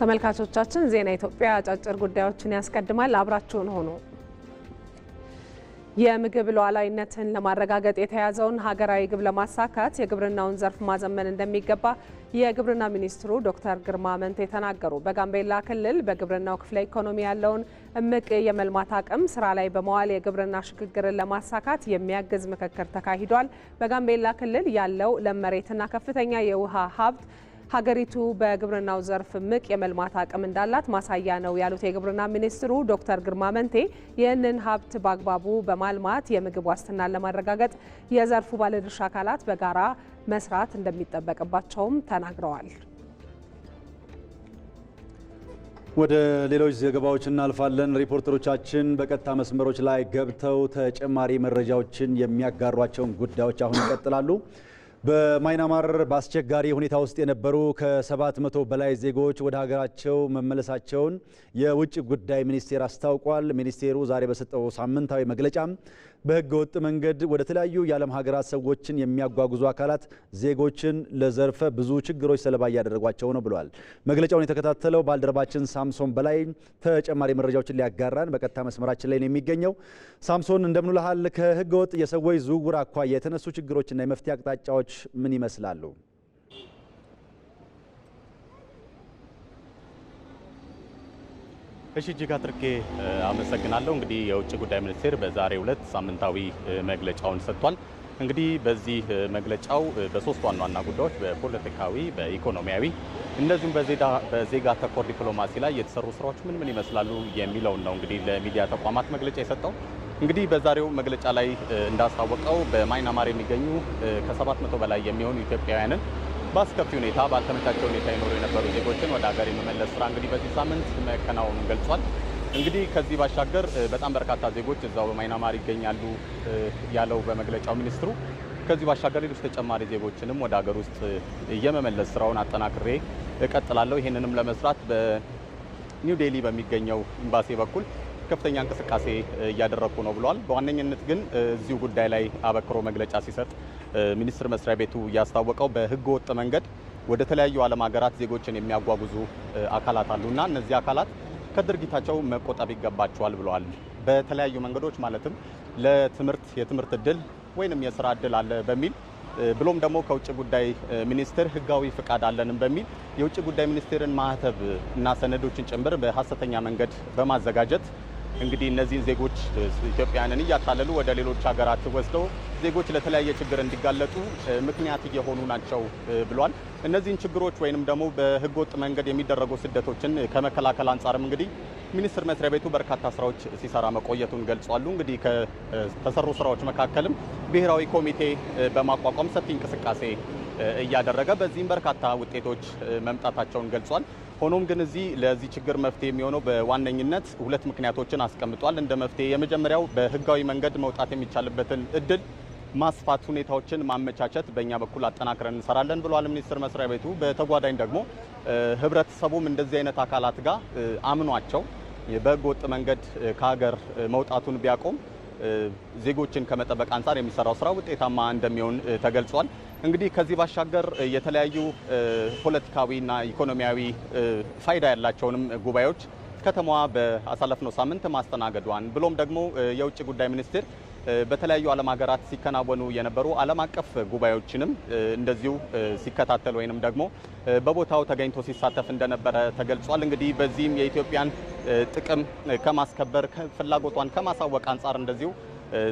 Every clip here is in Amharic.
ተመልካቾቻችን ዜና ኢትዮጵያ አጫጭር ጉዳዮችን ያስቀድማል። አብራችሁን ሆኑ። የምግብ ሉዓላዊነትን ለማረጋገጥ የተያዘውን ሀገራዊ ግብ ለማሳካት የግብርናውን ዘርፍ ማዘመን እንደሚገባ የግብርና ሚኒስትሩ ዶክተር ግርማ መንቴ ተናገሩ። በጋምቤላ ክልል በግብርናው ክፍለ ኢኮኖሚ ያለውን እምቅ የመልማት አቅም ስራ ላይ በመዋል የግብርና ሽግግርን ለማሳካት የሚያግዝ ምክክር ተካሂዷል። በጋምቤላ ክልል ያለው ለም መሬትና ከፍተኛ የውሃ ሀብት ሀገሪቱ በግብርናው ዘርፍ ምቅ የመልማት አቅም እንዳላት ማሳያ ነው ያሉት የግብርና ሚኒስትሩ ዶክተር ግርማ መንቴ ይህንን ሀብት በአግባቡ በማልማት የምግብ ዋስትናን ለማረጋገጥ የዘርፉ ባለድርሻ አካላት በጋራ መስራት እንደሚጠበቅባቸውም ተናግረዋል። ወደ ሌሎች ዘገባዎች እናልፋለን። ሪፖርተሮቻችን በቀጥታ መስመሮች ላይ ገብተው ተጨማሪ መረጃዎችን የሚያጋሯቸውን ጉዳዮች አሁን ይቀጥላሉ። በማይናማር በአስቸጋሪ ሁኔታ ውስጥ የነበሩ ከ700 በላይ ዜጎች ወደ ሀገራቸው መመለሳቸውን የውጭ ጉዳይ ሚኒስቴር አስታውቋል። ሚኒስቴሩ ዛሬ በሰጠው ሳምንታዊ መግለጫም በህገ ወጥ መንገድ ወደ ተለያዩ የዓለም ሀገራት ሰዎችን የሚያጓጉዙ አካላት ዜጎችን ለዘርፈ ብዙ ችግሮች ሰለባ እያደረጓቸው ነው ብለዋል። መግለጫውን የተከታተለው ባልደረባችን ሳምሶን በላይ ተጨማሪ መረጃዎችን ሊያጋራን በቀጥታ መስመራችን ላይ ነው የሚገኘው። ሳምሶን እንደምንልሃል። ከህገ ወጥ የሰዎች ዝውውር አኳያ የተነሱ ችግሮችና የመፍትሄ አቅጣጫዎች ምን ይመስላሉ? እሺ እጅግ አድርጌ አመሰግናለሁ። እንግዲህ የውጭ ጉዳይ ሚኒስቴር በዛሬው ዕለት ሳምንታዊ መግለጫውን ሰጥቷል። እንግዲህ በዚህ መግለጫው በሶስት ዋና ዋና ጉዳዮች በፖለቲካዊ፣ በኢኮኖሚያዊ እንደዚሁም በዜጋ ተኮር ዲፕሎማሲ ላይ የተሰሩ ስራዎች ምን ምን ይመስላሉ የሚለውን ነው እንግዲህ ለሚዲያ ተቋማት መግለጫ የሰጠው። እንግዲህ በዛሬው መግለጫ ላይ እንዳስታወቀው በማይናማር የሚገኙ ከሰባት መቶ በላይ የሚሆኑ ኢትዮጵያውያንን በአስከፊ ሁኔታ ባልተመቻቸ ሁኔታ ይኖሩ የነበሩ ዜጎችን ወደ ሀገር የመመለስ ስራ እንግዲህ በዚህ ሳምንት መከናወኑን ገልጿል። እንግዲህ ከዚህ ባሻገር በጣም በርካታ ዜጎች እዛው በማይናማር ይገኛሉ ያለው በመግለጫው ሚኒስትሩ ከዚህ ባሻገር ሌሎች ተጨማሪ ዜጎችንም ወደ ሀገር ውስጥ የመመለስ ስራውን አጠናክሬ እቀጥላለሁ። ይህንንም ለመስራት በኒው ዴሊ በሚገኘው ኤምባሲ በኩል ከፍተኛ እንቅስቃሴ እያደረግኩ ነው ብሏል። በዋነኝነት ግን እዚሁ ጉዳይ ላይ አበክሮ መግለጫ ሲሰጥ ሚኒስቴር መስሪያ ቤቱ ያስታወቀው በህገ ወጥ መንገድ ወደ ተለያዩ ዓለም ሀገራት ዜጎችን የሚያጓጉዙ አካላት አሉና እነዚህ አካላት ከድርጊታቸው መቆጠብ ይገባቸዋል ብለዋል። በተለያዩ መንገዶች ማለትም ለትምህርት የትምህርት እድል ወይንም የስራ እድል አለ በሚል ብሎም ደግሞ ከውጭ ጉዳይ ሚኒስቴር ህጋዊ ፍቃድ አለንም በሚል የውጭ ጉዳይ ሚኒስቴርን ማህተብ እና ሰነዶችን ጭምር በሀሰተኛ መንገድ በማዘጋጀት እንግዲህ እነዚህን ዜጎች ኢትዮጵያንን እያታለሉ ወደ ሌሎች ሀገራት ወስደው ዜጎች ለተለያየ ችግር እንዲጋለጡ ምክንያት እየሆኑ ናቸው ብሏል። እነዚህን ችግሮች ወይንም ደግሞ በህገወጥ መንገድ የሚደረጉ ስደቶችን ከመከላከል አንጻርም እንግዲህ ሚኒስቴር መስሪያ ቤቱ በርካታ ስራዎች ሲሰራ መቆየቱን ገልጿሉ። እንግዲህ ከተሰሩ ስራዎች መካከልም ብሔራዊ ኮሚቴ በማቋቋም ሰፊ እንቅስቃሴ እያደረገ በዚህም በርካታ ውጤቶች መምጣታቸውን ገልጿል። ሆኖም ግን እዚህ ለዚህ ችግር መፍትሄ የሚሆነው በዋነኝነት ሁለት ምክንያቶችን አስቀምጧል እንደ መፍትሄ። የመጀመሪያው በህጋዊ መንገድ መውጣት የሚቻልበትን እድል ማስፋት፣ ሁኔታዎችን ማመቻቸት በእኛ በኩል አጠናክረን እንሰራለን ብለዋል ሚኒስቴር መስሪያ ቤቱ። በተጓዳኝ ደግሞ ህብረተሰቡም እንደዚህ አይነት አካላት ጋር አምኗቸው በህገ ወጥ መንገድ ከሀገር መውጣቱን ቢያቆም ዜጎችን ከመጠበቅ አንጻር የሚሰራው ስራ ውጤታማ እንደሚሆን ተገልጿል። እንግዲህ ከዚህ ባሻገር የተለያዩ ፖለቲካዊና ኢኮኖሚያዊ ፋይዳ ያላቸውንም ጉባኤዎች ከተማዋ በአሳለፍነው ሳምንት ማስተናገዷን ብሎም ደግሞ የውጭ ጉዳይ ሚኒስቴር በተለያዩ ዓለም ሀገራት ሲከናወኑ የነበሩ ዓለም አቀፍ ጉባኤዎችንም እንደዚሁ ሲከታተል ወይንም ደግሞ በቦታው ተገኝቶ ሲሳተፍ እንደነበረ ተገልጿል። እንግዲህ በዚህም የኢትዮጵያን ጥቅም ከማስከበር ፍላጎቷን ከማሳወቅ አንጻር እንደዚሁ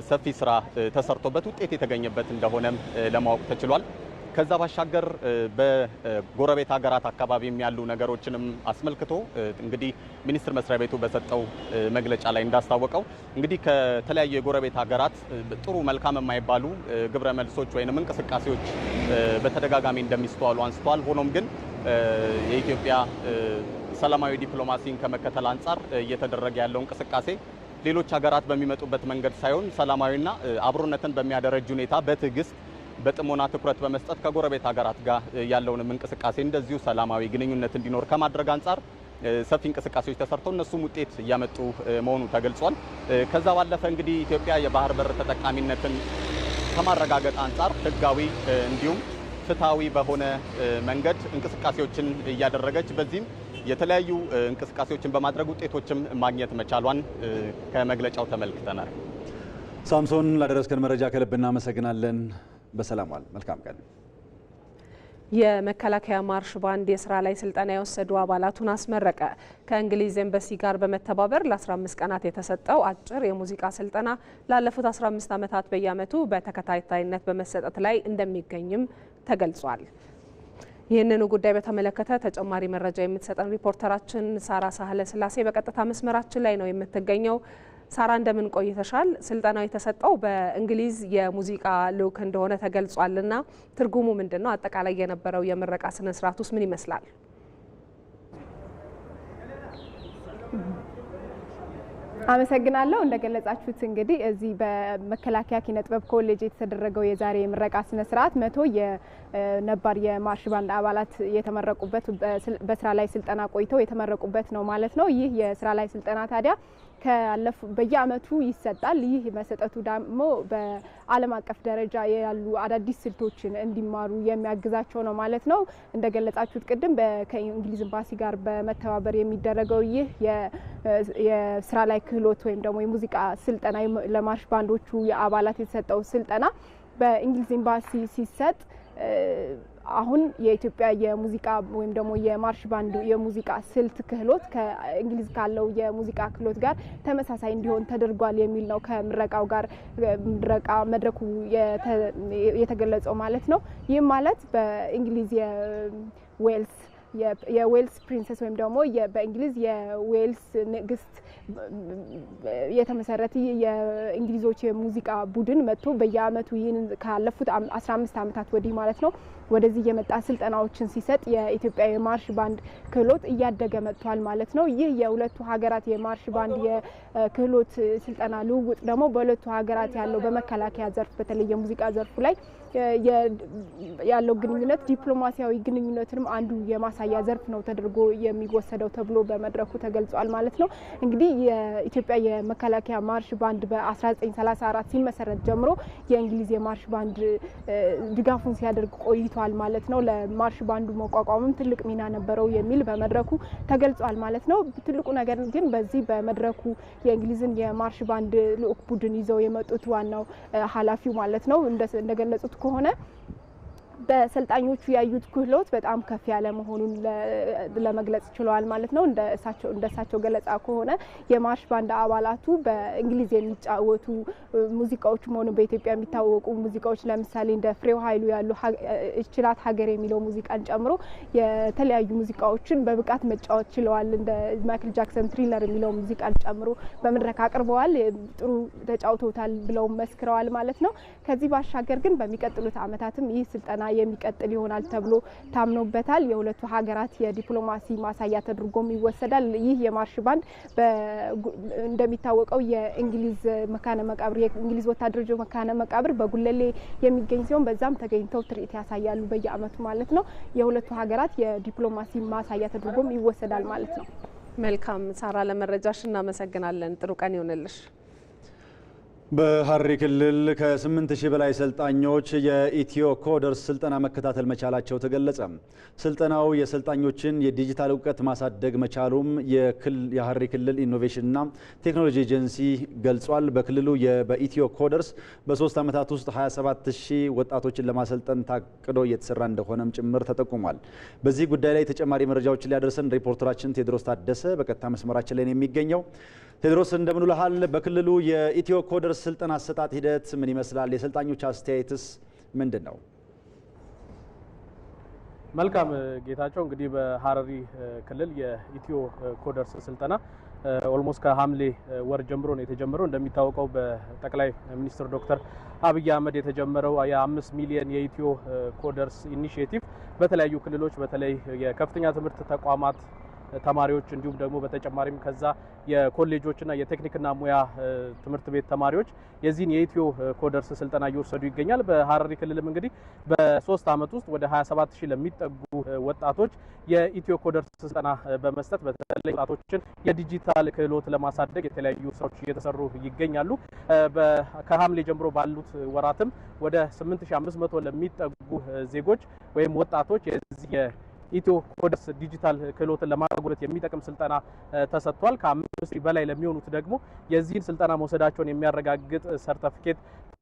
ሰፊ ስራ ተሰርቶበት ውጤት የተገኘበት እንደሆነም ለማወቅ ተችሏል። ከዛ ባሻገር በጎረቤት ሀገራት አካባቢም ያሉ ነገሮችንም አስመልክቶ እንግዲህ ሚኒስቴር መስሪያ ቤቱ በሰጠው መግለጫ ላይ እንዳስታወቀው እንግዲህ ከተለያዩ የጎረቤት ሀገራት ጥሩ መልካም የማይባሉ ግብረ መልሶች ወይም እንቅስቃሴዎች በተደጋጋሚ እንደሚስተዋሉ አንስተዋል። ሆኖም ግን የኢትዮጵያ ሰላማዊ ዲፕሎማሲን ከመከተል አንጻር እየተደረገ ያለው እንቅስቃሴ ሌሎች ሀገራት በሚመጡበት መንገድ ሳይሆን ሰላማዊና አብሮነትን በሚያደረጅ ሁኔታ በትዕግስት በጥሞና ትኩረት በመስጠት ከጎረቤት ሀገራት ጋር ያለውንም እንቅስቃሴ እንደዚሁ ሰላማዊ ግንኙነት እንዲኖር ከማድረግ አንጻር ሰፊ እንቅስቃሴዎች ተሰርተው እነሱም ውጤት እያመጡ መሆኑ ተገልጿል። ከዛ ባለፈ እንግዲህ ኢትዮጵያ የባህር በር ተጠቃሚነትን ከማረጋገጥ አንጻር ህጋዊ እንዲሁም ፍትሐዊ በሆነ መንገድ እንቅስቃሴዎችን እያደረገች በዚህም የተለያዩ እንቅስቃሴዎችን በማድረግ ውጤቶችም ማግኘት መቻሏን ከመግለጫው ተመልክተናል። ሳምሶን፣ ላደረስከን መረጃ ከልብ እናመሰግናለን። በሰላም ዋል። መልካም ቀን። የመከላከያ ማርሽ ባንድ የስራ ላይ ስልጠና የወሰዱ አባላቱን አስመረቀ። ከእንግሊዝ ኤምባሲ ጋር በመተባበር ለ15 ቀናት የተሰጠው አጭር የሙዚቃ ስልጠና ላለፉት 15 ዓመታት በየዓመቱ በተከታታይነት በመሰጠት ላይ እንደሚገኝም ተገልጿል። ይህንኑ ጉዳይ በተመለከተ ተጨማሪ መረጃ የምትሰጠን ሪፖርተራችን ሳራ ሳህለ ስላሴ በቀጥታ መስመራችን ላይ ነው የምትገኘው። ሳራ እንደምን ቆይተሻል? ስልጠናው የተሰጠው በእንግሊዝ የሙዚቃ ልዑክ እንደሆነ ተገልጿልና ትርጉሙ ምንድን ነው? አጠቃላይ የነበረው የምረቃ ስነስርዓት ውስጥ ምን ይመስላል? አመሰግናለሁ። እንደገለጻችሁት እንግዲህ እዚህ በመከላከያ ኪነጥበብ ጥበብ ኮሌጅ የተደረገው የዛሬ የምረቃ ስነ ስርዓት መቶ የነባር የማርሽ ባንድ አባላት የተመረቁበት በስራ ላይ ስልጠና ቆይተው የተመረቁበት ነው ማለት ነው። ይህ የስራ ላይ ስልጠና ታዲያ በየአመቱ ይሰጣል። ይህ መሰጠቱ ደግሞ በዓለም አቀፍ ደረጃ ያሉ አዳዲስ ስልቶችን እንዲማሩ የሚያግዛቸው ነው ማለት ነው። እንደገለጻችሁት ቅድም ከእንግሊዝ ኤምባሲ ጋር በመተባበር የሚደረገው ይህ የስራ ላይ ክህሎት ወይም ደግሞ የሙዚቃ ስልጠና ለማርሽ ባንዶቹ የአባላት የተሰጠው ስልጠና በእንግሊዝ ኤምባሲ ሲሰጥ አሁን የኢትዮጵያ የሙዚቃ ወይም ደግሞ የማርሽ ባንድ የሙዚቃ ስልት ክህሎት ከእንግሊዝ ካለው የሙዚቃ ክህሎት ጋር ተመሳሳይ እንዲሆን ተደርጓል የሚል ነው ከምረቃው ጋር ምረቃ መድረኩ የተገለጸው ማለት ነው። ይህም ማለት በእንግሊዝ የዌልስ የዌልስ ፕሪንሰስ ወይም ደግሞ በእንግሊዝ የዌልስ ንግስት የተመሰረተ የእንግሊዞች የሙዚቃ ቡድን መጥቶ በየአመቱ ይህንን ካለፉት 15 ዓመታት ወዲህ ማለት ነው ወደዚህ የመጣ ስልጠናዎችን ሲሰጥ የኢትዮጵያ የማርሽ ባንድ ክህሎት እያደገ መጥቷል ማለት ነው። ይህ የሁለቱ ሀገራት የማርሽ ባንድ የክህሎት ስልጠና ልውውጥ ደግሞ በሁለቱ ሀገራት ያለው በመከላከያ ዘርፍ በተለይ የሙዚቃ ዘርፉ ላይ ያለው ግንኙነት ዲፕሎማሲያዊ ግንኙነትንም አንዱ የማሳያ ዘርፍ ነው ተደርጎ የሚወሰደው ተብሎ በመድረኩ ተገልጿል ማለት ነው እንግዲህ የኢትዮጵያ የመከላከያ ማርሽ ባንድ በ1934 ሲመሰረት ጀምሮ የእንግሊዝ የማርሽ ባንድ ድጋፉን ሲያደርግ ቆይቷል ማለት ነው። ለማርሽ ባንዱ መቋቋምም ትልቅ ሚና ነበረው የሚል በመድረኩ ተገልጿል ማለት ነው። ትልቁ ነገር ግን በዚህ በመድረኩ የእንግሊዝን የማርሽ ባንድ ልዑክ ቡድን ይዘው የመጡት ዋናው ኃላፊው ማለት ነው እንደገለጹት ከሆነ በሰልጣኞቹ ያዩት ክህሎት በጣም ከፍ ያለ መሆኑን ለመግለጽ ችለዋል ማለት ነው። እንደ እሳቸው ገለጻ ከሆነ የማርሽ ባንድ አባላቱ በእንግሊዝ የሚጫወቱ ሙዚቃዎች መሆኑ በኢትዮጵያ የሚታወቁ ሙዚቃዎች ለምሳሌ እንደ ፍሬው ኃይሉ ያሉ እችላት ሀገር የሚለው ሙዚቃን ጨምሮ የተለያዩ ሙዚቃዎችን በብቃት መጫወት ችለዋል። እንደ ማይክል ጃክሰን ትሪለር የሚለው ሙዚቃን ጨምሮ በመድረክ አቅርበዋል። ጥሩ ተጫውተውታል ብለው መስክረዋል ማለት ነው። ከዚህ ባሻገር ግን በሚቀጥሉት አመታትም ይህ ስልጠና ፈተና የሚቀጥል ይሆናል ተብሎ ታምኖበታል። የሁለቱ ሀገራት የዲፕሎማሲ ማሳያ ተድርጎም ይወሰዳል። ይህ የማርሽ ባንድ እንደሚታወቀው የእንግሊዝ መካነ መቃብር የእንግሊዝ ወታደሮች መካነ መቃብር በጉለሌ የሚገኝ ሲሆን በዛም ተገኝተው ትርኢት ያሳያሉ በየአመቱ ማለት ነው። የሁለቱ ሀገራት የዲፕሎማሲ ማሳያ ተድርጎም ይወሰዳል ማለት ነው። መልካም ሳራ፣ ለመረጃሽ እናመሰግናለን። ጥሩ ቀን ይሆንልሽ። በሐረሪ ክልል ከስምንት ሺህ በላይ ሰልጣኞች የኢትዮ ኮደርስ ስልጠና መከታተል መቻላቸው ተገለጸ። ስልጠናው የሰልጣኞችን የዲጂታል እውቀት ማሳደግ መቻሉም የሐረሪ ክልል ኢኖቬሽንና ቴክኖሎጂ ኤጀንሲ ገልጿል። በክልሉ በኢትዮ ኮደርስ በሶስት ዓመታት ውስጥ 27 ወጣቶችን ለማሰልጠን ታቅዶ እየተሰራ እንደሆነም ጭምር ተጠቁሟል። በዚህ ጉዳይ ላይ ተጨማሪ መረጃዎችን ሊያደርሰን ሪፖርተራችን ቴድሮስ ታደሰ በቀጥታ መስመራችን ላይ ነው የሚገኘው። ቴድሮስ እንደምን ውለሃል? በክልሉ የኢትዮ ኮደርስ ስልጠና አሰጣጥ ሂደት ምን ይመስላል? የሰልጣኞች አስተያየትስ ምንድን ነው? መልካም ጌታቸው፣ እንግዲህ በሀረሪ ክልል የኢትዮ ኮደርስ ስልጠና ኦልሞስት ከሐምሌ ወር ጀምሮ ነው የተጀመረው። እንደሚታወቀው በጠቅላይ ሚኒስትር ዶክተር አብይ አህመድ የተጀመረው የአምስት ሚሊዮን የኢትዮ ኮደርስ ኢኒሽቲቭ በተለያዩ ክልሎች በተለይ የከፍተኛ ትምህርት ተቋማት ተማሪዎች እንዲሁም ደግሞ በተጨማሪም ከዛ የኮሌጆችና የቴክኒክና ሙያ ትምህርት ቤት ተማሪዎች የዚህን የኢትዮ ኮደርስ ስልጠና እየወሰዱ ይገኛል። በሀረሪ ክልልም እንግዲህ በሶስት አመት ውስጥ ወደ 27 ሺህ ለሚጠጉ ወጣቶች የኢትዮ ኮደርስ ስልጠና በመስጠት በተለይ ወጣቶችን የዲጂታል ክህሎት ለማሳደግ የተለያዩ ስራዎች እየተሰሩ ይገኛሉ። ከሐምሌ ጀምሮ ባሉት ወራትም ወደ 8500 ለሚጠጉ ዜጎች ወይም ወጣቶች የዚህ ኢትዮ ኮደስ ዲጂታል ክህሎትን ለማጎልበት የሚጠቅም ስልጠና ተሰጥቷል። ከአምስት በላይ ለሚሆኑት ደግሞ የዚህን ስልጠና መውሰዳቸውን የሚያረጋግጥ ሰርተፍኬት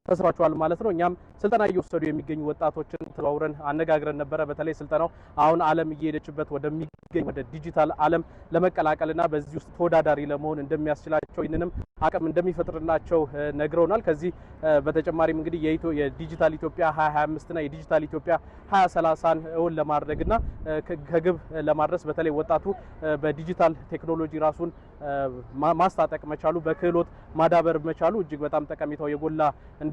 ተስሯቸዋል ማለት ነው። እኛም ስልጠና እየወሰዱ የሚገኙ ወጣቶችን ተዘዋውረን አነጋግረን ነበረ። በተለይ ስልጠናው አሁን ዓለም እየሄደችበት ወደሚገኝ ወደ ዲጂታል ዓለም ለመቀላቀልና በዚህ ውስጥ ተወዳዳሪ ለመሆን እንደሚያስችላቸው ይህንንም አቅም እንደሚፈጥርላቸው ነግረውናል። ከዚህ በተጨማሪም እንግዲህ የዲጂታል ኢትዮጵያ 2025ና የዲጂታል ኢትዮጵያ 2030ን እውን ለማድረግና ከግብ ለማድረስ በተለይ ወጣቱ በዲጂታል ቴክኖሎጂ ራሱን ማስታጠቅ መቻሉ፣ በክህሎት ማዳበር መቻሉ እጅግ በጣም ጠቀሜታው የጎላ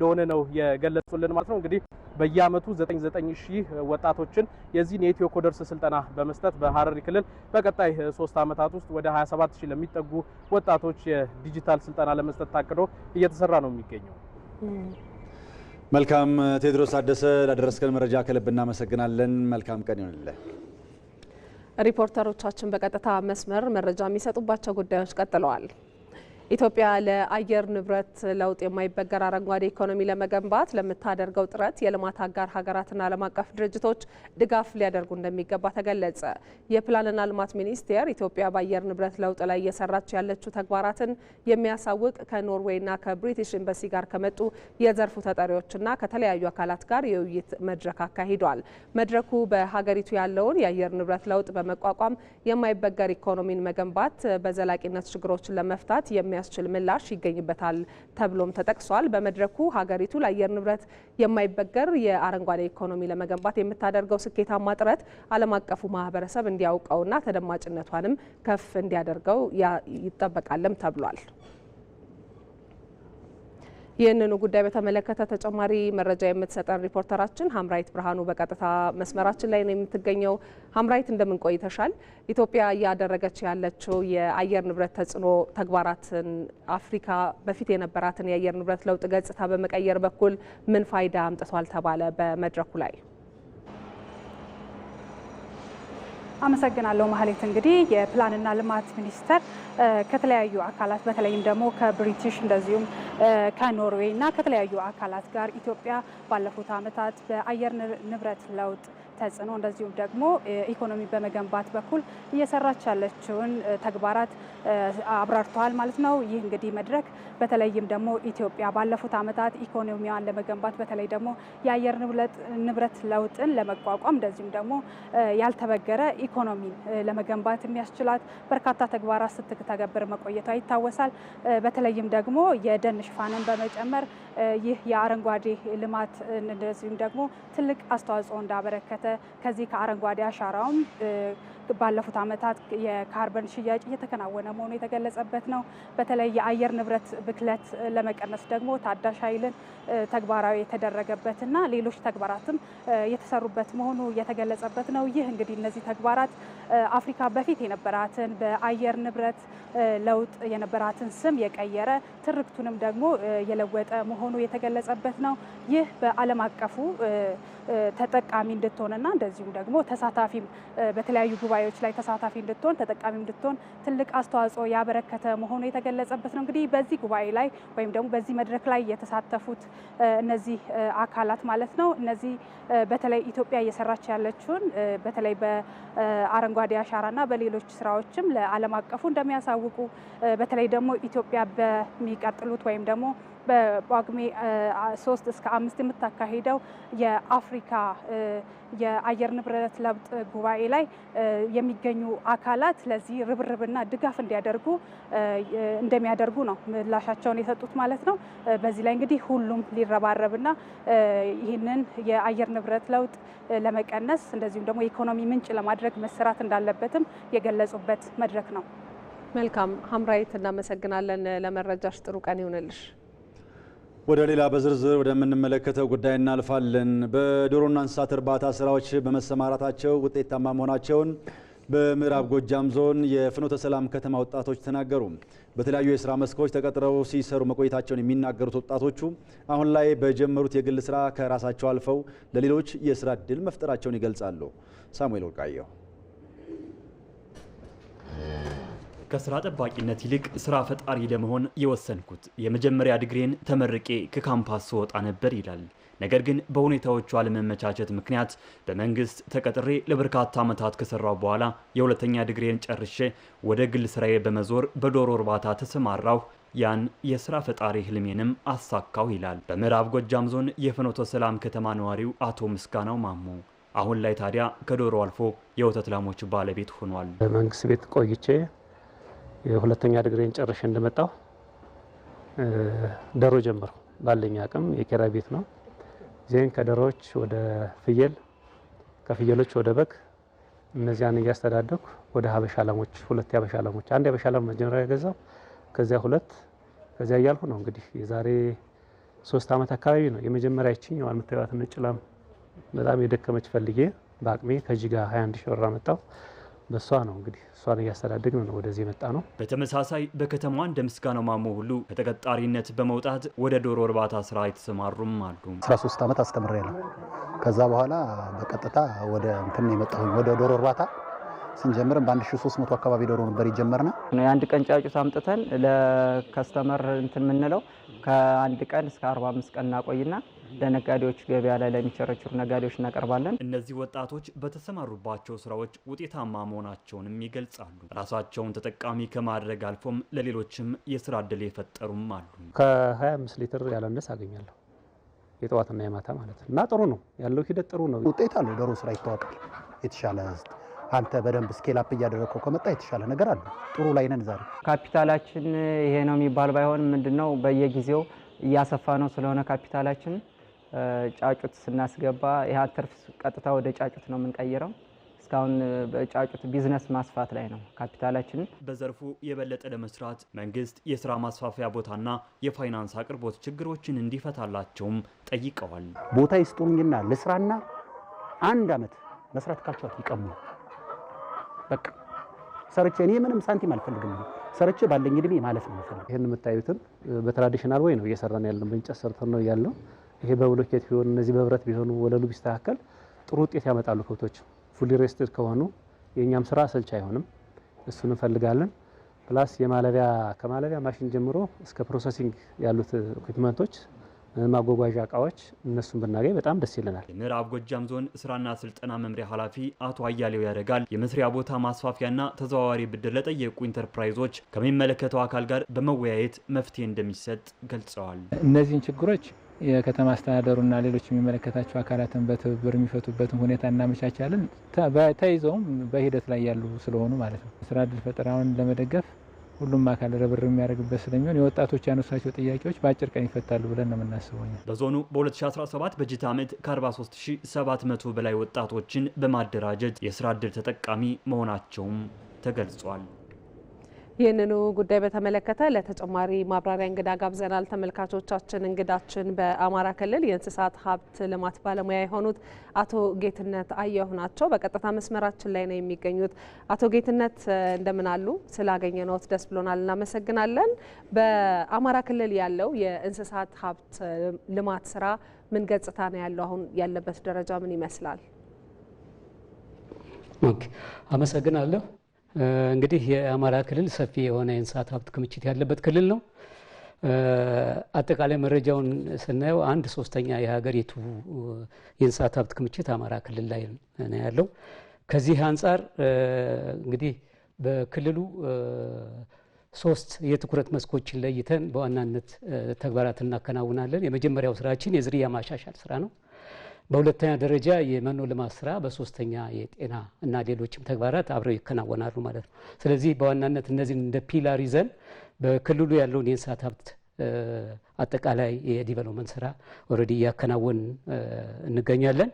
እንደሆነ ነው የገለጹልን ማለት ነው። እንግዲህ በየአመቱ 99 ሺህ ወጣቶችን የዚህን የኢትዮ ኮደርስ ስልጠና በመስጠት በሀረሪ ክልል በቀጣይ ሶስት አመታት ውስጥ ወደ 27 ሺህ ለሚጠጉ ወጣቶች የዲጂታል ስልጠና ለመስጠት ታቅዶ እየተሰራ ነው የሚገኘው። መልካም ቴዎድሮስ አደሰ ላደረስከን መረጃ ከልብ እናመሰግናለን። መልካም ቀን ይሁንልህ። ሪፖርተሮቻችን በቀጥታ መስመር መረጃ የሚሰጡባቸው ጉዳዮች ቀጥለዋል። ኢትዮጵያ ለአየር ንብረት ለውጥ የማይበገር አረንጓዴ ኢኮኖሚ ለመገንባት ለምታደርገው ጥረት የልማት አጋር ሀገራትና ዓለም አቀፍ ድርጅቶች ድጋፍ ሊያደርጉ እንደሚገባ ተገለጸ። የፕላንና ልማት ሚኒስቴር ኢትዮጵያ በአየር ንብረት ለውጥ ላይ እየሰራች ያለችው ተግባራትን የሚያሳውቅ ከኖርዌይና ከብሪቲሽ ኤምባሲ ጋር ከመጡ የዘርፉ ተጠሪዎችና ከተለያዩ አካላት ጋር የውይይት መድረክ አካሂዷል። መድረኩ በሀገሪቱ ያለውን የአየር ንብረት ለውጥ በመቋቋም የማይበገር ኢኮኖሚን መገንባት በዘላቂነት ችግሮችን ለመፍታት የሚያ የሚያስችል ምላሽ ይገኝበታል ተብሎም ተጠቅሷል። በመድረኩ ሀገሪቱ ለአየር ንብረት የማይበገር የአረንጓዴ ኢኮኖሚ ለመገንባት የምታደርገው ስኬታማ ጥረት ዓለም አቀፉ ማህበረሰብ እንዲያውቀውና ተደማጭነቷንም ከፍ እንዲያደርገው ይጠበቃልም ተብሏል። ይህንኑ ጉዳይ በተመለከተ ተጨማሪ መረጃ የምትሰጠን ሪፖርተራችን ሀምራይት ብርሃኑ በቀጥታ መስመራችን ላይ ነው የምትገኘው። ሀምራይት እንደምን ቆይተሻል? ኢትዮጵያ እያደረገች ያለችው የአየር ንብረት ተጽዕኖ ተግባራትን አፍሪካ በፊት የነበራትን የአየር ንብረት ለውጥ ገጽታ በመቀየር በኩል ምን ፋይዳ አምጥቷል ተባለ በመድረኩ ላይ? አመሰግናለሁ ማህሌት። እንግዲህ የፕላንና ልማት ሚኒስቴር ከተለያዩ አካላት በተለይም ደግሞ ከብሪቲሽ እንደዚሁም ከኖርዌይ እና ከተለያዩ አካላት ጋር ኢትዮጵያ ባለፉት ዓመታት በአየር ንብረት ለውጥ ተጽዕኖ እንደዚሁም ደግሞ ኢኮኖሚ በመገንባት በኩል እየሰራች ያለችውን ተግባራት አብራርተዋል ማለት ነው። ይህ እንግዲህ መድረክ በተለይም ደግሞ ኢትዮጵያ ባለፉት ዓመታት ኢኮኖሚዋን ለመገንባት በተለይ ደግሞ የአየር ንብረት ለውጥን ለመቋቋም እንደዚሁም ደግሞ ያልተበገረ ኢኮኖሚን ለመገንባት የሚያስችላት በርካታ ተግባራት ስትተገብር መቆየቷ ይታወሳል። በተለይም ደግሞ የደን ሽፋንን በመጨመር ይህ የአረንጓዴ ልማት እንደዚሁም ደግሞ ትልቅ አስተዋጽኦ እንዳበረከተ ከዚህ ከአረንጓዴ አሻራውም ባለፉት ዓመታት የካርበን ሽያጭ እየተከናወነ መሆኑ የተገለጸበት ነው። በተለይ የአየር ንብረት ብክለት ለመቀነስ ደግሞ ታዳሽ ኃይልን ተግባራዊ የተደረገበት ና ሌሎች ተግባራትም የተሰሩበት መሆኑ የተገለጸበት ነው። ይህ እንግዲህ እነዚህ ተግባራት አፍሪካ በፊት የነበራትን በአየር ንብረት ለውጥ የነበራትን ስም የቀየረ ትርክቱንም ደግሞ የለወጠ መሆኑ የተገለጸበት ነው። ይህ በዓለም አቀፉ ተጠቃሚ እንድትሆንና እንደዚሁም ደግሞ ተሳታፊም በተለያዩ ጉባኤ ጉባኤዎች ላይ ተሳታፊ እንድትሆን ተጠቃሚ እንድትሆን ትልቅ አስተዋጽኦ ያበረከተ መሆኑ የተገለጸበት ነው። እንግዲህ በዚህ ጉባኤ ላይ ወይም ደግሞ በዚህ መድረክ ላይ የተሳተፉት እነዚህ አካላት ማለት ነው እነዚህ በተለይ ኢትዮጵያ እየሰራች ያለችውን በተለይ በአረንጓዴ አሻራና በሌሎች ስራዎችም ለዓለም አቀፉ እንደሚያሳውቁ በተለይ ደግሞ ኢትዮጵያ በሚቀጥሉት ወይም ደግሞ በጳጉሜ ሶስት እስከ አምስት የምታካሄደው የአፍሪካ የአየር ንብረት ለውጥ ጉባኤ ላይ የሚገኙ አካላት ለዚህ ርብርብና ድጋፍ እንዲያደርጉ እንደሚያደርጉ ነው ምላሻቸውን የሰጡት ማለት ነው። በዚህ ላይ እንግዲህ ሁሉም ሊረባረብና ይህንን የአየር ንብረት ለውጥ ለመቀነስ እንደዚሁም ደግሞ የኢኮኖሚ ምንጭ ለማድረግ መሰራት እንዳለበትም የገለጹበት መድረክ ነው። መልካም ሀምራዊት፣ እናመሰግናለን ለመረጃሽ። ጥሩ ቀን ይሆንልሽ። ወደ ሌላ በዝርዝር ወደምንመለከተው ጉዳይ እናልፋለን። በዶሮና እንስሳት እርባታ ስራዎች በመሰማራታቸው ውጤታማ መሆናቸውን በምዕራብ ጎጃም ዞን የፍኖተ ሰላም ከተማ ወጣቶች ተናገሩ። በተለያዩ የስራ መስኮች ተቀጥረው ሲሰሩ መቆየታቸውን የሚናገሩት ወጣቶቹ አሁን ላይ በጀመሩት የግል ስራ ከራሳቸው አልፈው ለሌሎች የስራ እድል መፍጠራቸውን ይገልጻሉ። ሳሙኤል ወርቃየሁ ከስራ ጠባቂነት ይልቅ ስራ ፈጣሪ ለመሆን የወሰንኩት የመጀመሪያ ድግሬን ተመርቄ ከካምፓስ ስወጣ ነበር ይላል። ነገር ግን በሁኔታዎቹ አለመመቻቸት ምክንያት በመንግስት ተቀጥሬ ለበርካታ ዓመታት ከሰራው በኋላ የሁለተኛ ድግሬን ጨርሼ ወደ ግል ስራዬ በመዞር በዶሮ እርባታ ተሰማራሁ። ያን የስራ ፈጣሪ ህልሜንም አሳካው ይላል በምዕራብ ጎጃም ዞን የፍኖተ ሰላም ከተማ ነዋሪው አቶ ምስጋናው ማሞ። አሁን ላይ ታዲያ ከዶሮ አልፎ የወተት ላሞች ባለቤት ሆኗል። በመንግስት ቤት ቆይቼ የሁለተኛ ድግሬን ጨርሼ እንደመጣሁ ዶሮ ጀመርኩ። ባለኝ አቅም የኪራይ ቤት ነው። ዜን ከዶሮዎች ወደ ፍየል፣ ከፍየሎች ወደ በግ፣ እነዚያን እያስተዳደኩ ወደ ሀበሻ ላሞች፣ ሁለት የሀበሻ ላሞች፣ አንድ የሀበሻ ላም መጀመሪያ የገዛው ከዚያ ሁለት ከዚያ እያልሁ ነው እንግዲህ የዛሬ ሶስት አመት አካባቢ ነው የመጀመሪያ ይችኝ ዋን ምታዩት ነጭ ላም በጣም የደከመች ፈልጌ በአቅሜ ከጂጋ 21 ሺ ወራ አመጣው። በእሷ ነው እንግዲህ እሷን እያስተዳደግ ነው ወደዚህ የመጣ ነው። በተመሳሳይ በከተማዋ እንደ ምስጋናው ማሞ ሁሉ ከተቀጣሪነት በመውጣት ወደ ዶሮ እርባታ ስራ የተሰማሩም አሉ። 13 ዓመት አስተምሬ ነው። ከዛ በኋላ በቀጥታ ወደ እንትን የመጣሁኝ ወደ ዶሮ እርባታ ስንጀምር በ1300 አካባቢ ዶሮ ነበር የጀመርነው። የአንድ ቀን ጫጩት አምጥተን ለከስተመር እንትን የምንለው ከአንድ ቀን እስከ 45 ቀን እናቆይና ለነጋዴዎች ገበያ ላይ ለሚቸረችሩ ነጋዴዎች እናቀርባለን። እነዚህ ወጣቶች በተሰማሩባቸው ስራዎች ውጤታማ መሆናቸውንም ይገልጻሉ። ራሳቸውን ተጠቃሚ ከማድረግ አልፎም ለሌሎችም የስራ እድል የፈጠሩም አሉ። ከ25 ሊትር ያለነስ አገኛለሁ የጠዋትና የማታ ማለት ነው። እና ጥሩ ነው ያለው ሂደት ጥሩ ነው። ውጤት አለው። ዶሮ ስራ ይታወቃል። የተሻለ አንተ በደንብ ስኬላፕ እያደረግከው ከመጣ የተሻለ ነገር አለ። ጥሩ ላይ ነን ዛሬ። ካፒታላችን ይሄ ነው የሚባል ባይሆን ነው በየጊዜው እያሰፋ ነው ስለሆነ ካፒታላችን ጫጩት ስናስገባ ይህ ትርፍ ቀጥታ ወደ ጫጩት ነው የምንቀይረው። እስካሁን በጫጩት ቢዝነስ ማስፋት ላይ ነው ካፒታላችን። በዘርፉ የበለጠ ለመስራት መንግስት የስራ ማስፋፊያ ቦታና የፋይናንስ አቅርቦት ችግሮችን እንዲፈታላቸውም ጠይቀዋል። ቦታ ይስጡኝና ልስራና አንድ አመት መስራት ካቸዋት ይቀሙ በቃ ሰርቼ እኔ ምንም ሳንቲም አልፈልግም። ሰርቼ ባለኝ እድሜ ማለት ነው ፈልግ። ይህን የምታዩትን በትራዲሽናል ወይ ነው እየሰራን ያለን፣ በእንጨት ሰርተን ነው ያለው። ይሄ በብሎኬት ቢሆን እነዚህ በብረት ቢሆኑ ወለሉ ቢስተካከል ጥሩ ውጤት ያመጣሉ። ከብቶች ፉሊ ሬስትድ ከሆኑ የእኛም ስራ ስልቻ አይሆንም። እሱን እንፈልጋለን። ፕላስ የማለቢያ ከማለቢያ ማሽን ጀምሮ እስከ ፕሮሰሲንግ ያሉት ኢኩፕመንቶች ማጓጓዣ እቃዎች እነሱን ብናገኝ በጣም ደስ ይለናል። የምዕራብ ጎጃም ዞን ስራና ስልጠና መምሪያ ኃላፊ አቶ አያሌው ያደርጋል የመስሪያ ቦታ ማስፋፊያና ተዘዋዋሪ ብድር ለጠየቁ ኢንተርፕራይዞች ከሚመለከተው አካል ጋር በመወያየት መፍትሄ እንደሚሰጥ ገልጸዋል። እነዚህን ችግሮች የከተማ አስተዳደሩና ሌሎች የሚመለከታቸው አካላትን በትብብር የሚፈቱበትን ሁኔታ እናመቻቻለን። ተይዘውም በሂደት ላይ ያሉ ስለሆኑ ማለት ነው። ስራ እድል ፈጠራውን ለመደገፍ ሁሉም አካል ርብር የሚያደርግበት ስለሚሆን የወጣቶች ያነሳቸው ጥያቄዎች በአጭር ቀን ይፈታሉ ብለን ነው የምናስበው። በዞኑ በ2017 በጀት ዓመት ከ43700 በላይ ወጣቶችን በማደራጀት የስራ እድል ተጠቃሚ መሆናቸውም ተገልጿል። ይህንኑ ጉዳይ በተመለከተ ለተጨማሪ ማብራሪያ እንግዳ ጋብዘናል። ተመልካቾቻችን እንግዳችን በአማራ ክልል የእንስሳት ሀብት ልማት ባለሙያ የሆኑት አቶ ጌትነት አየሁ ናቸው። በቀጥታ መስመራችን ላይ ነው የሚገኙት። አቶ ጌትነት እንደምን አሉ? ስላገኘነዎት ደስ ብሎናል፣ እናመሰግናለን። በአማራ ክልል ያለው የእንስሳት ሀብት ልማት ስራ ምን ገጽታ ነው ያለው? አሁን ያለበት ደረጃ ምን ይመስላል? አመሰግናለሁ። እንግዲህ የአማራ ክልል ሰፊ የሆነ የእንስሳት ሀብት ክምችት ያለበት ክልል ነው። አጠቃላይ መረጃውን ስናየው አንድ ሶስተኛ የሀገሪቱ የእንስሳት ሀብት ክምችት አማራ ክልል ላይ ነው ያለው። ከዚህ አንጻር እንግዲህ በክልሉ ሶስት የትኩረት መስኮችን ለይተን በዋናነት ተግባራት እናከናውናለን። የመጀመሪያው ስራችን የዝርያ ማሻሻል ስራ ነው። በሁለተኛ ደረጃ የመኖ ልማት ስራ፣ በሶስተኛ የጤና እና ሌሎችም ተግባራት አብረው ይከናወናሉ ማለት ነው። ስለዚህ በዋናነት እነዚህን እንደ ፒላር ይዘን በክልሉ ያለውን የእንስሳት ሀብት አጠቃላይ የዲቨሎፕመንት ስራ ኦልሬዲ እያከናወን እንገኛለን።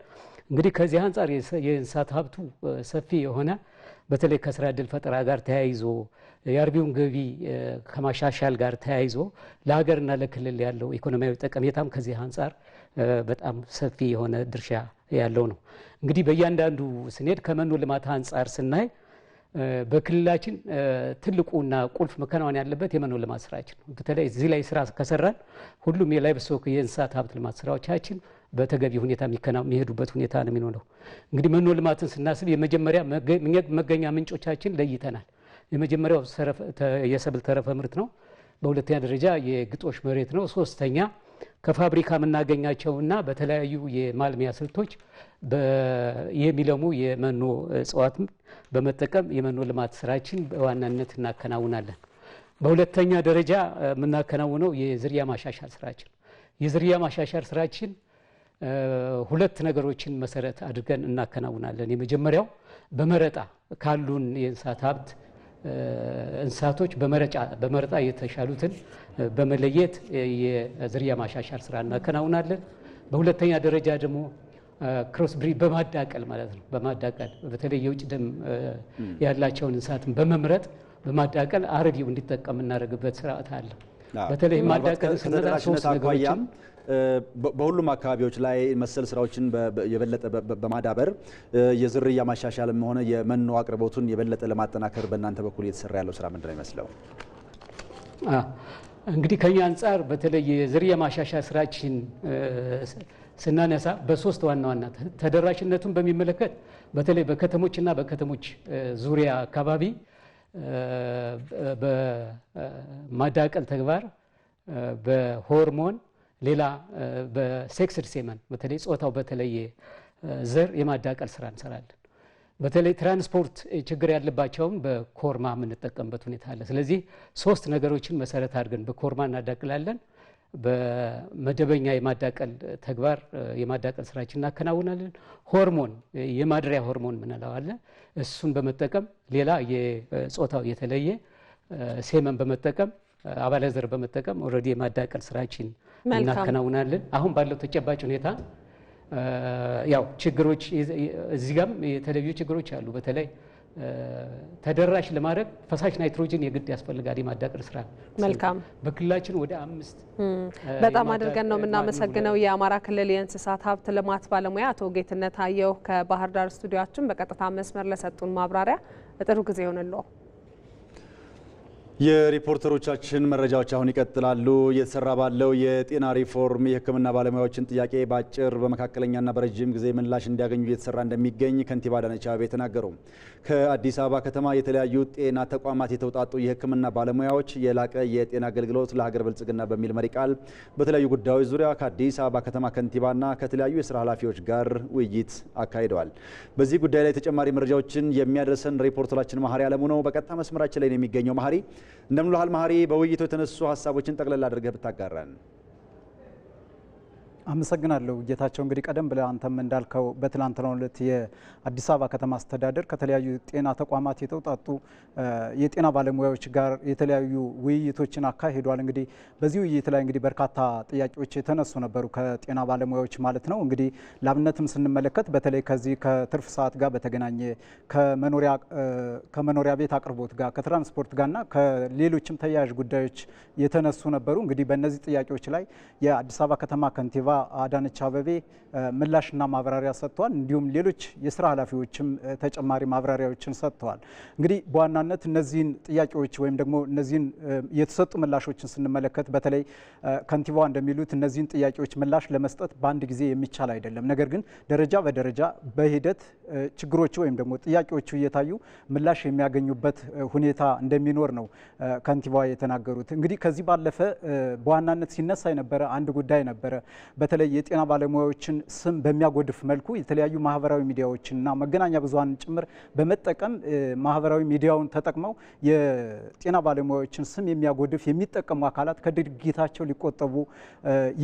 እንግዲህ ከዚህ አንጻር የእንስሳት ሀብቱ ሰፊ የሆነ በተለይ ከስራ እድል ፈጠራ ጋር ተያይዞ የአርቢውን ገቢ ከማሻሻል ጋር ተያይዞ ለሀገርና ለክልል ያለው ኢኮኖሚያዊ ጠቀሜታም ከዚህ አንጻር በጣም ሰፊ የሆነ ድርሻ ያለው ነው። እንግዲህ በእያንዳንዱ ስንሄድ ከመኖ ልማት አንጻር ስናይ በክልላችን ትልቁና ቁልፍ መከናወን ያለበት የመኖ ልማት ስራችን ነው። በተለይ እዚህ ላይ ስራ ከሰራን ሁሉም የላይቭስቶክ የእንስሳት ሀብት ልማት ስራዎቻችን በተገቢ ሁኔታ የሚሄዱበት ሁኔታ ነው የሚሆነው። እንግዲህ መኖ ልማትን ስናስብ የመጀመሪያ መገኛ ምንጮቻችን ለይተናል። የመጀመሪያው የሰብል ተረፈ ምርት ነው። በሁለተኛ ደረጃ የግጦሽ መሬት ነው። ሶስተኛ ከፋብሪካ የምናገኛቸውና በተለያዩ የማልሚያ ስልቶች የሚለሙ የመኖ እጽዋት በመጠቀም የመኖ ልማት ስራችን በዋናነት እናከናውናለን። በሁለተኛ ደረጃ የምናከናውነው የዝርያ ማሻሻል ስራችን የዝርያ ማሻሻል ስራችን ሁለት ነገሮችን መሰረት አድርገን እናከናውናለን። የመጀመሪያው በመረጣ ካሉን የእንስሳት ሀብት እንስሳቶች በመረጣ የተሻሉትን በመለየት የዝርያ ማሻሻል ስራ እናከናውናለን። በሁለተኛ ደረጃ ደግሞ ክሮስ ብሪድ በማዳቀል ማለት ነው። በማዳቀል በተለይ የውጭ ደም ያላቸውን እንስሳትን በመምረጥ በማዳቀል አረቢው እንዲጠቀም እናደርግበት ስርዓት አለ። በተለይ ማዳቀል ስንል ሶስት በሁሉም አካባቢዎች ላይ መሰል ስራዎችን የበለጠ በማዳበር የዝርያ ማሻሻልም ሆነ የመኖ አቅርቦቱን የበለጠ ለማጠናከር በእናንተ በኩል እየተሰራ ያለው ስራ ምንድን ነው ይመስለው? እንግዲህ ከኛ አንጻር በተለይ የዝርያ ማሻሻል ስራችን ስናነሳ በሶስት ዋና ዋና ተደራሽነቱን በሚመለከት በተለይ በከተሞችና በከተሞች ዙሪያ አካባቢ በማዳቀል ተግባር፣ በሆርሞን ሌላ በሴክስድ ሴመን በተለይ ጾታው በተለየ ዘር የማዳቀል ስራ እንሰራለን። በተለይ ትራንስፖርት ችግር ያለባቸውም በኮርማ የምንጠቀምበት ሁኔታ አለ። ስለዚህ ሶስት ነገሮችን መሰረት አድርገን በኮርማ እናዳቅላለን። በመደበኛ የማዳቀል ተግባር የማዳቀል ስራችን እናከናውናለን። ሆርሞን የማድሪያ ሆርሞን ምንለዋለ እሱን በመጠቀም ሌላ የጾታው የተለየ ሴመን በመጠቀም አባለዘር በመጠቀም ኦልሬዲ የማዳቀል ስራችን እናከናውናለን። አሁን ባለው ተጨባጭ ሁኔታ ያው ችግሮች እዚህ ጋም የተለያዩ ችግሮች አሉ። በተለይ ተደራሽ ለማድረግ ፈሳሽ ናይትሮጅን የግድ ያስፈልጋል። የማዳቀል ስራ መልካም በክልላችን ወደ አምስት በጣም አድርገን ነው የምናመሰግነው። የአማራ ክልል የእንስሳት ሀብት ልማት ባለሙያ አቶ ጌትነት አየሁ ከባህር ዳር ስቱዲዮችን በቀጥታ መስመር ለሰጡን ማብራሪያ ጥሩ ጊዜ ይሆንልዎ። የሪፖርተሮቻችን መረጃዎች አሁን ይቀጥላሉ። እየተሰራ ባለው የጤና ሪፎርም የሕክምና ባለሙያዎችን ጥያቄ በአጭር በመካከለኛና በረጅም ጊዜ ምላሽ እንዲያገኙ እየተሰራ እንደሚገኝ ከንቲባ አዳነች አቤቤ ተናገሩ። ከአዲስ አበባ ከተማ የተለያዩ ጤና ተቋማት የተውጣጡ የሕክምና ባለሙያዎች የላቀ የጤና አገልግሎት ለሀገር ብልጽግና በሚል መሪ ቃል በተለያዩ ጉዳዮች ዙሪያ ከአዲስ አበባ ከተማ ከንቲባና ከተለያዩ የስራ ኃላፊዎች ጋር ውይይት አካሂደዋል። በዚህ ጉዳይ ላይ ተጨማሪ መረጃዎችን የሚያደርሰን ሪፖርተራችን መሀሪ አለሙ ነው። በቀጥታ መስመራችን ላይ ነው የሚገኘው መሀሪ እንደምን ዋልሃል መሀሪ? በውይይቱ የተነሱ ሀሳቦችን ጠቅለል አድርገህ ብታጋራን። አመሰግናለሁ ጌታቸው። እንግዲህ ቀደም ብለህ አንተም እንዳልከው በትላንትናው ዕለት የአዲስ አበባ ከተማ አስተዳደር ከተለያዩ ጤና ተቋማት የተውጣጡ የጤና ባለሙያዎች ጋር የተለያዩ ውይይቶችን አካሂዷል። እንግዲህ በዚህ ውይይት ላይ እንግዲህ በርካታ ጥያቄዎች የተነሱ ነበሩ ከጤና ባለሙያዎች ማለት ነው። እንግዲህ ለአብነትም ስንመለከት በተለይ ከዚህ ከትርፍ ሰዓት ጋር በተገናኘ ከመኖሪያ ቤት አቅርቦት ጋር ከትራንስፖርት ጋርና ከሌሎችም ተያያዥ ጉዳዮች የተነሱ ነበሩ። እንግዲህ በእነዚህ ጥያቄዎች ላይ የአዲስ አበባ ከተማ ከንቲባ አዳነች አበቤ ምላሽና ማብራሪያ ሰጥተዋል። እንዲሁም ሌሎች የስራ ኃላፊዎችም ተጨማሪ ማብራሪያዎችን ሰጥተዋል። እንግዲህ በዋናነት እነዚህን ጥያቄዎች ወይም ደግሞ እነዚህን የተሰጡ ምላሾችን ስንመለከት በተለይ ከንቲባዋ እንደሚሉት እነዚህን ጥያቄዎች ምላሽ ለመስጠት በአንድ ጊዜ የሚቻል አይደለም። ነገር ግን ደረጃ በደረጃ በሂደት ችግሮቹ ወይም ደግሞ ጥያቄዎቹ እየታዩ ምላሽ የሚያገኙበት ሁኔታ እንደሚኖር ነው ከንቲባዋ የተናገሩት። እንግዲህ ከዚህ ባለፈ በዋናነት ሲነሳ የነበረ አንድ ጉዳይ ነበረ። በተለይ የጤና ባለሙያዎችን ስም በሚያጎድፍ መልኩ የተለያዩ ማህበራዊ ሚዲያዎችንና መገናኛ ብዙኃንን ጭምር በመጠቀም ማህበራዊ ሚዲያውን ተጠቅመው የጤና ባለሙያዎችን ስም የሚያጎድፍ የሚጠቀሙ አካላት ከድርጊታቸው ሊቆጠቡ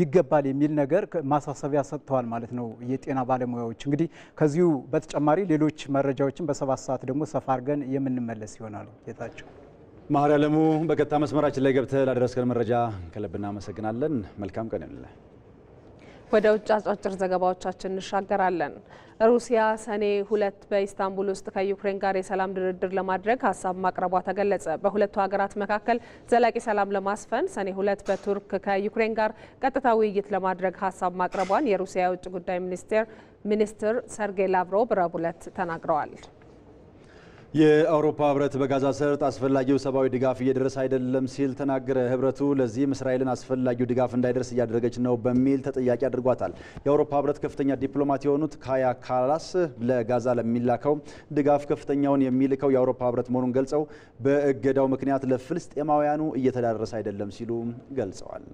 ይገባል የሚል ነገር ማሳሰቢያ ሰጥተዋል ማለት ነው የጤና ባለሙያዎች። እንግዲህ ከዚሁ በተጨማሪ ሌሎች መረጃዎችን በሰባት ሰዓት ደግሞ ሰፋ አድርገን የምንመለስ ይሆናሉ። ጌታቸው ማር ያለሙ በቀጥታ መስመራችን ላይ ገብተህ ላደረስከን መረጃ ከልብ እናመሰግናለን። መልካም ቀን ይሁንልህ። ወደ ውጭ አጫጭር ዘገባዎቻችን እንሻገራለን። ሩሲያ ሰኔ ሁለት በኢስታንቡል ውስጥ ከዩክሬን ጋር የሰላም ድርድር ለማድረግ ሀሳብ ማቅረቧ ተገለጸ። በሁለቱ ሀገራት መካከል ዘላቂ ሰላም ለማስፈን ሰኔ ሁለት በቱርክ ከዩክሬን ጋር ቀጥታ ውይይት ለማድረግ ሀሳብ ማቅረቧን የሩሲያ የውጭ ጉዳይ ሚኒስቴር ሚኒስትር ሰርጌይ ላቭሮቭ ረቡዕ ዕለት ተናግረዋል። የአውሮፓ ህብረት በጋዛ ሰርጥ አስፈላጊው ሰብአዊ ድጋፍ እየደረሰ አይደለም ሲል ተናገረ። ህብረቱ ለዚህም እስራኤልን አስፈላጊው ድጋፍ እንዳይደርስ እያደረገች ነው በሚል ተጠያቂ አድርጓታል። የአውሮፓ ህብረት ከፍተኛ ዲፕሎማት የሆኑት ካያ ካላስ ለጋዛ ለሚላከው ድጋፍ ከፍተኛውን የሚልከው የአውሮፓ ህብረት መሆኑን ገልጸው በእገዳው ምክንያት ለፍልስጤማውያኑ እየተዳረሰ አይደለም ሲሉ ገልጸዋል።